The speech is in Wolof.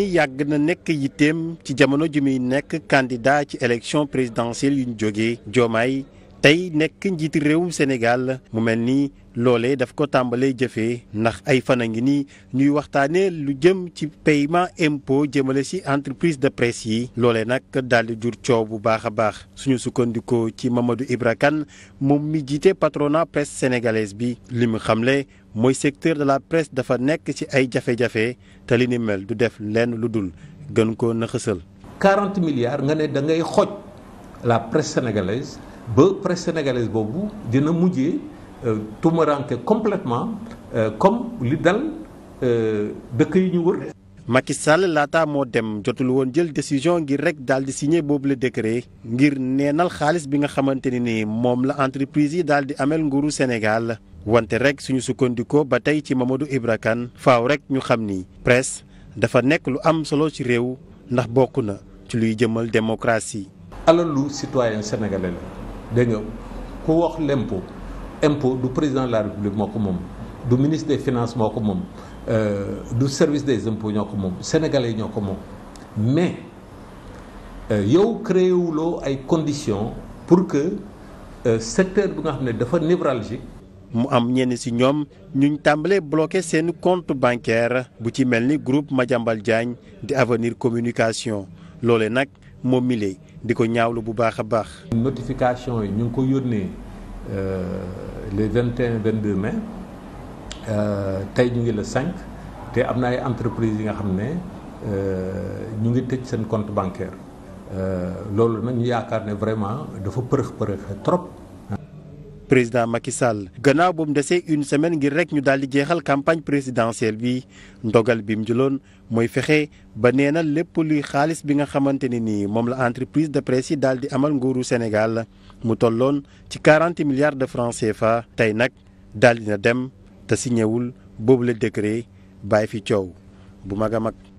ni yàgg na nekk yitteem ci jamono ji muy nekk candidat ci élection présidentielle yu ñu jógee joomaay tey nekk njiiti réew Sénégal mu mel nii loole daf ko tàmbalee jëfee ndax ay fan a ngi nii ñuy waxtaanee lu jëm ci paiement impo jëmale ci entreprise de presse yi loolee nag daal di jur coow bu baax a baax suñu sukkandikoo ci Mamadou Ibra kan moom mi jiite patronat presse sénégalaise bi li mu xamle mooy secteur de la presse dafa nekk ci ay jafe-jafe te li du def lenn lu dul gën ko naxasal. 40 milliards nga ne da xoj la presse sénégalaise. ba presse sénégalaise boobu dina mujjee euh, tumaranke complètement euh, comme li dal euh, dëkk yi ñu wër. Macky Sall laata moo dem jotul woon jël décision ngir rek daal di signé boobu la décret ngir neenal xaalis bi nga xamante ne ni moom la entreprise yi daal di amel nguuru Sénégal wante rek suñu sukkandikoo ba tey ci Mamadou Ibra Kane faaw rek ñu xam ni presse dafa nekk lu am solo ci réew ndax bokk na ci luy jëmal démocratie. alalu citoyen sénégalais la dégg nga ku wax l'impôt impôt du président de la république moo ko moom du ministre des moo ko moom euh, du service des impôts ñoo ko moom sénégalais ñoo ko moom mais euh, yow créé wuloo ay conditions pour que euh, secteur bi nga xam ne dafa névralgique mu am ñenn si ñoom ñuñ tàmbalee bloqué seen compte bancaire bu ci mel ni groupe Madiambal Diagne di avenir communication loole nag moom mi lay di ko ñaawlu bu baax a baax. notification yi ñu ngi ko yónnee euh, les vingt et un vingt deux mai euh, tey ñu ngi le cinq te am na ay entreprises yi nga xam ne euh, ñu ngi tëj seen compte bancaire loolu na ñu yaakaar ne vraiment dafa përëx përëx trop. président Macky Sall gannaaw bu mu desee une semaine ngir rek ñu daal jeexal campagne présidentielle bi ndogal bi mu jëloon mooy fexe ba nee na lépp luy xaalis bi nga xamante ne nii moom la entreprise de presse yi daal di amal nguuru Sénégal mu tolloon ci 40 milliards de francs fa tey nag daal na dem te si ñëwul boobu la décret bàyyi fi coow bu mag